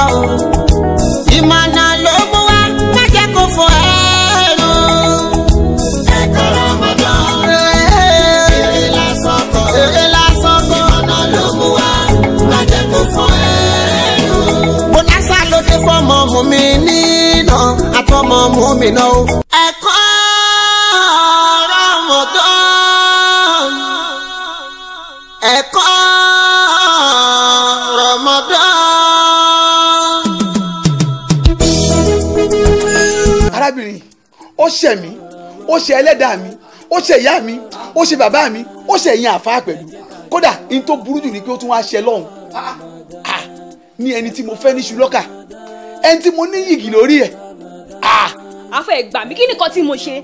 fọ́ o. ìmọ̀nà ló mú wa má jẹ́ kó fọ ẹ̀rù. ẹ̀kọ́ Ramadan eré lásán kọ́ eré lásán kọ́ ìmọ̀nà ló ẹ̀kọ́. arábìnrin ó ṣẹ̀ mí ó ṣẹ̀ ẹlẹ́dàá mi ó ṣẹ̀ ìyá mi ó ṣẹ̀ bàbá mi ó ṣẹ̀ ẹ̀yin àfa pẹ̀lú kódà n tó burú jù ni pé ó tún wá ṣẹ̀ lọ́hùn ah, ah, ní ẹni tí mo fẹ́ ní ṣùlọ́kà ẹni tí mo ní yìgì lórí ẹ̀. àfọ ah. ẹ̀gbà mi kí nìkan tí mo ṣe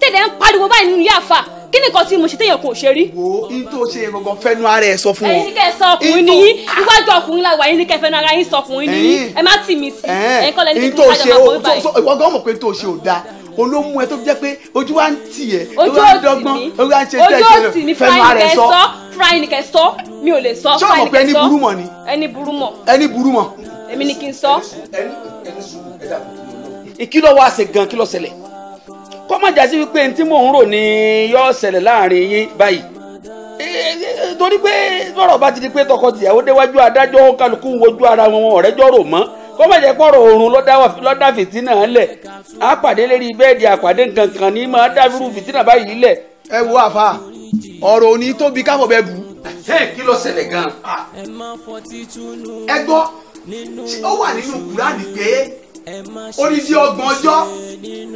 tẹ̀lé ń pariwo báyìí nínú yàfa kí ni nǹkan tí mo ṣe téèyàn kò ṣe rí. wo n tó ṣe gangan fẹnu ara ẹ sọ fún wọn. ẹ̀yin ní kẹ́ ẹ sọ ọkùnrin nìyí iwájú ọkùnrin la wà yín ní kẹ́ fẹnu ara yín sọ ọkùnrin nìyí ẹ má tì mí sí ẹ̀yin kọ́ lẹ ní kí n kájọ máa bọ́ báyìí. ìwọ gan mọ̀ pé n tó ṣe ò dáa olómú ẹ tó jẹ́ pé ojú wa ń tì ẹ ojú ò tì mí ojú ò tì mí fẹnu ara ẹ sọ fúráìnì kẹ sọ mi ò lè sọ fúráìnì kẹ sọ ẹni burú mọ ẹni burú mọ èmi ni kí gan kí ló ṣẹlẹ̀. má jásí wípé ní tí mò ń rò ní yóò láàrin yín báyìí torí pé lọ́rọ̀ bá ti di pé tọkọ déwájú adájọ́ kálukú wojú ara wọn ọ̀rẹ́jọ́ rò mọ́ kó má jẹ́ pọ̀rọ̀ oorun fìtínà lẹ̀ á pàdé lérí bẹ́ẹ̀dì àpàdé ní máa fìtínà báyìí lẹ̀. ẹ wo àfa òní tóbi bù. kí ló ṣẹlẹ̀ gan-an. ẹ gbọ́ ó odidi ọgbọ̀n ọjọ́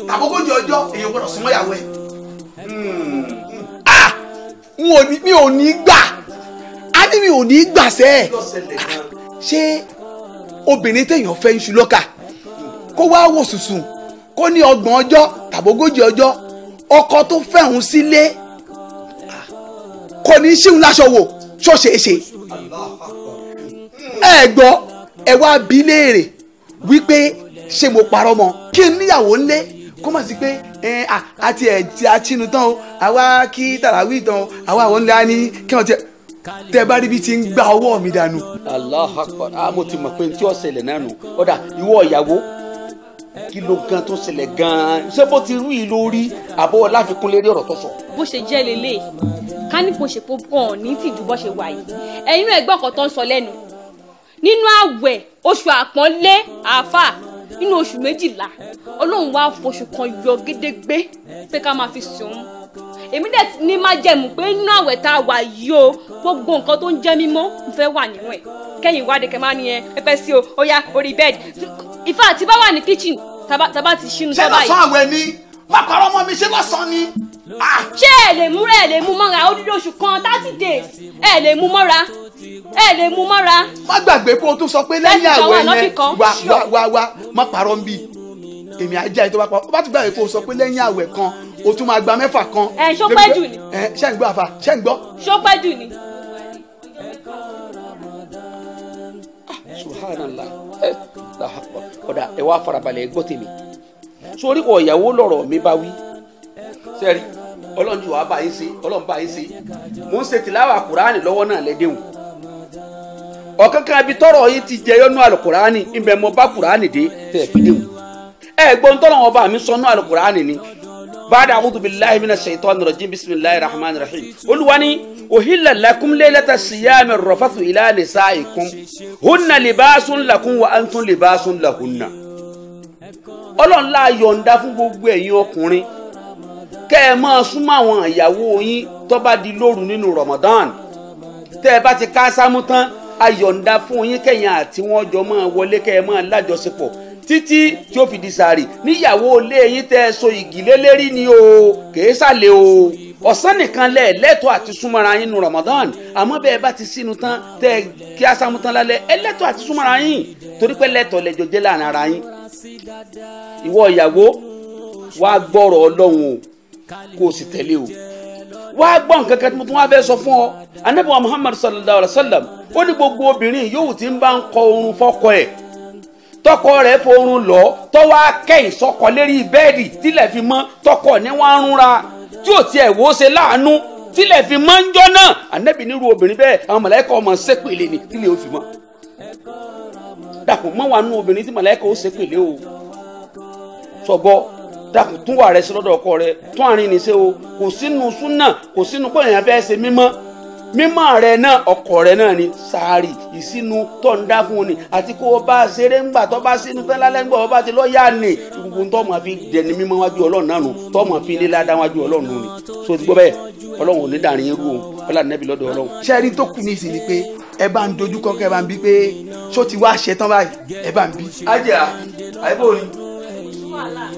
tàbókòjì ọjọ́ èèyàn gbọ́dọ̀ súnmọ́ ìyàwó ẹ̀. Hmm. Hmm. Ah! mi ò ní gbà á ní mi ò ní gbà sẹ́ ṣé obìnrin téèyàn fẹ́ ń ṣu lọ́kà kó wá wò sùsùn kó ní ọgbọ̀n ọjọ́ tàbókòjì ọjọ́ ọkọ tó fẹ́ òun sílé kò ní ṣíun láṣọ wò ṣọ́ṣeéṣe ẹ gbọ́ ẹ wá bí léèrè wípé ṣé mo parọ́ mọ́ kí n níyàwó ńlé kó má sí pé àti ẹ̀jẹ̀ àtinú o àwa kí tàràwí tán o àwa àwọn ńlá ní kí wọ́n ti tẹ bá ríbi tí ń gba ọwọ́ mi dànù. Allahu Akbar a mo ti mọ̀ pé tí ó ṣẹlẹ̀ náà nù ọ̀dà ìwọ ìyàwó kí ló gan tó ṣẹlẹ̀ gan-an ṣé bó ti rú yìí lórí àbọ̀ láfikún lérí ọ̀rọ̀ tó sọ. bó ṣe jẹ́ lélẹ̀ ká ní kò ṣe pọ̀ gan ní tìjú bó ṣe wà yìí ẹ̀yin náà ẹgbẹ́ ọkọ̀ tó ń sọ lẹ́nu nínú àwẹ̀ oṣù àpọ́nlé àáfàá nínú oṣù méjìlá ọlọ́run wá fọṣù kan yọ gédégbé pé ká máa fi sùn èmi dẹ̀ ní má jẹ̀mú pé nínú àwẹ̀ tá a wà yìí o gbogbo nǹkan tó ń jẹ́ mímọ́ ń fẹ́ wà nínú ẹ̀ kẹ́yìn ìwádìí kẹ́ máa ní ẹ pẹ́pẹ́ sí o ó yá orí bẹ́ẹ̀dì ìfà tí bá wà ní kíchìn tá bá ti ṣínú sábà yìí. ṣé lọ́sàn-án àwẹ̀ ni má parọ́ mọ́ mi ṣé lọ́sàn-án ni. Ah! ṣé ẹ lè mú ẹ lè mú mọ́ra ó dídí oṣù kan thirty days ẹ lè mú mọ́ra ẹ lè mú mọ́ra. má gbàgbé kó o tún sọ pé lẹ́yìn àwẹ̀ wa wa wa, wà má parọ́ ń bì èmi ajá ẹ tó bá pa ọ bá ti gbàgbé kó o sọ pé lẹ́yìn àwẹ̀ kan o tún máa gba mẹ́fà kan. ẹ ṣọpẹ́ jù ni. ẹ ṣẹ́ ń gbọ́ àfà ṣẹ́ ń gbọ́. ṣọpẹ́ jù ni. subhanallah ẹ eh, ọ̀dà ẹ wá farabalẹ̀ gbọ́ tèmi sórí kọ̀ ìyàwó mi bá wí sẹ́rí ọlọ́run ju wàá bá yín sí ọlọ́run bá yín sí mò ń ṣe tìláwà kùránì lọ́wọ́ náà lẹ́dẹ̀hùn ọ̀kankan ibi tọrọ yìí ti jẹyọ nú àlùkùránì ibẹ̀ mo bá kùránì dé tẹ̀ fi dẹ̀hùn ẹ gbọ́n tọ́lọ̀ wọn bá mi sọ nú àlùkùránì ni bàdà àwùjọ bíláhi mina ṣètò rajim bisimilahi rahman rahim olùwani òhìlà lakum lẹ́lẹ́ta síyáàmì rọ̀fàtù ìlà nisaikum hunna libaasun lakum wa antum libaasun lahunna ọlọ́run la yọ̀ǹda fún kẹ́ ẹ máa súnmọ́ àwọn ìyàwó yín tó bá di lóru nínú Ramadan tẹ́ ẹ bá ti ká sámú tán ayọ̀ǹda fún yín kẹ́yìn àti wọ́n jọ máa wọlé kẹ́ ẹ máa lájọṣepọ̀ títí tí ó fi di sàárì níyàwó ilé yín tẹ́ ẹ so igi lélẹ́rí ni o kèé sàlẹ̀ o ọ̀sán nìkan lẹ̀ lẹ́tọ̀ọ́ àti súnmọ́ra yín nu Ramadan àmọ́ bẹ́ẹ̀ bá ti sínú tán tẹ́ ẹ kí asámú tán lálẹ́ ẹ lẹ́tọ̀ọ́ àti súnmọ́ra yín torí pé lẹ́tọ̀ọ́ lẹ́jọ jẹ́ láàrin ara yín ìwọ ìyàwó wàá gbọ́rọ̀ ọlọ́run o kó o sì tẹ̀lé o wá gbọ́ nǹkan kan tí mo tún wá fẹ́ sọ fún ọ anabi muhammad sallallahu Alayhi wa sallam ó ní gbogbo obìnrin yòówù tí ń bá ń kọ oorun fọ́kọ ẹ̀ tọkọ rẹ̀ forun lọ tọwọ akẹyìn sọkọ lérí bẹ́ẹ̀dì tílẹ̀ fi mọ́ tọkọ ní wọn ń rúnra tí ò tiẹ̀ wò ó ṣe láàánú tílẹ̀ fi mọ́ ń jọ náà anabi nírú obìnrin bẹ́ẹ̀ àwọn mọ̀lẹ́kọ̀ ọmọ sépèlè ni tílẹ̀ ó fi mọ́ dàpọ̀ mọ́ wa nú obìnrin tí mọ̀lẹ́kọ̀ ó sépèlè o sọgbọ́n. So, dákun tún wà rẹ sí lọ́dọ̀ ọkọ rẹ tún àárín ní ṣe o kò sínú súnà kò sínú pé èèyàn fẹ́ ṣe mímọ́ mímọ́ rẹ náà ọkọ rẹ náà ni sáárì ìsínú tó ń dá fún ni àti kó o bá ṣeré ńgbà tó bá sínú tán lálẹ́ ńgbà o bá ti lọ́ọ́yà ni gbogbo tó mọ̀ fi dẹni mímọ́ wájú ọlọ́run náà nù tó mọ̀ fi lílá dá wájú ọlọ́run nù so ti gbọ́ bẹ́ẹ̀ ọlọ́run ò ní dàrin irú o ọlá nẹ́bí lọ́dọ̀ ọlọ́run. sẹ́ẹ̀rí tó kù ní ìsìn ni pé ẹ bá ń dojú kọ́kọ́ bá ń bí pé ṣó ti wá ṣetán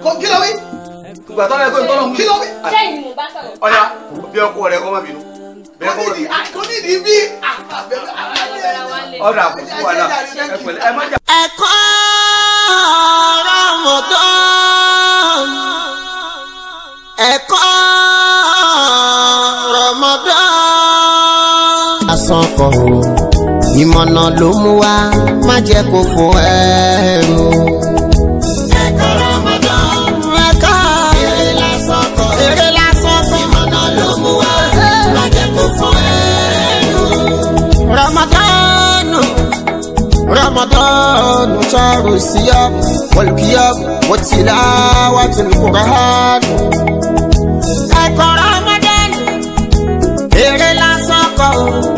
kò kí ló wí. ìgbà tó ń lọ pé kí ló wí. sẹ́yìn ni bá sọ̀rọ̀. ọ̀ya bí ọkọ rẹ kọ́ má bínú. kò ní bí. ọ̀dà kò fún náà ẹ pẹ̀lẹ́ ẹ má jà. ẹ̀kọ́ Ramadan ẹ̀kọ́ Ramadan. asán kan ìmọ̀nà ló mú wa má jẹ́ kó fún ẹ̀ القرآن شعر السياق والكياب وتلاوة القرآن ẹ̀kọ́ ramadan èrè lásán kan.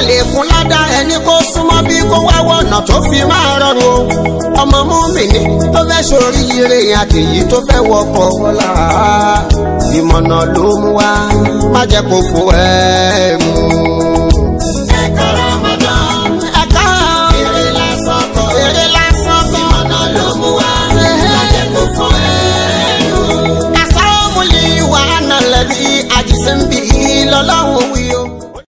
àlékún ládá ẹni kó súnmọ́ bí kó wá wọ̀nà tó fi máa rọrùn o ọmọ múmìnì tó fẹ́ sórí ire àtẹ̀yí tó fẹ́ wọkọ̀ ìmọ̀nà ló mú wá má jẹ́ kó fò ẹ́ mú.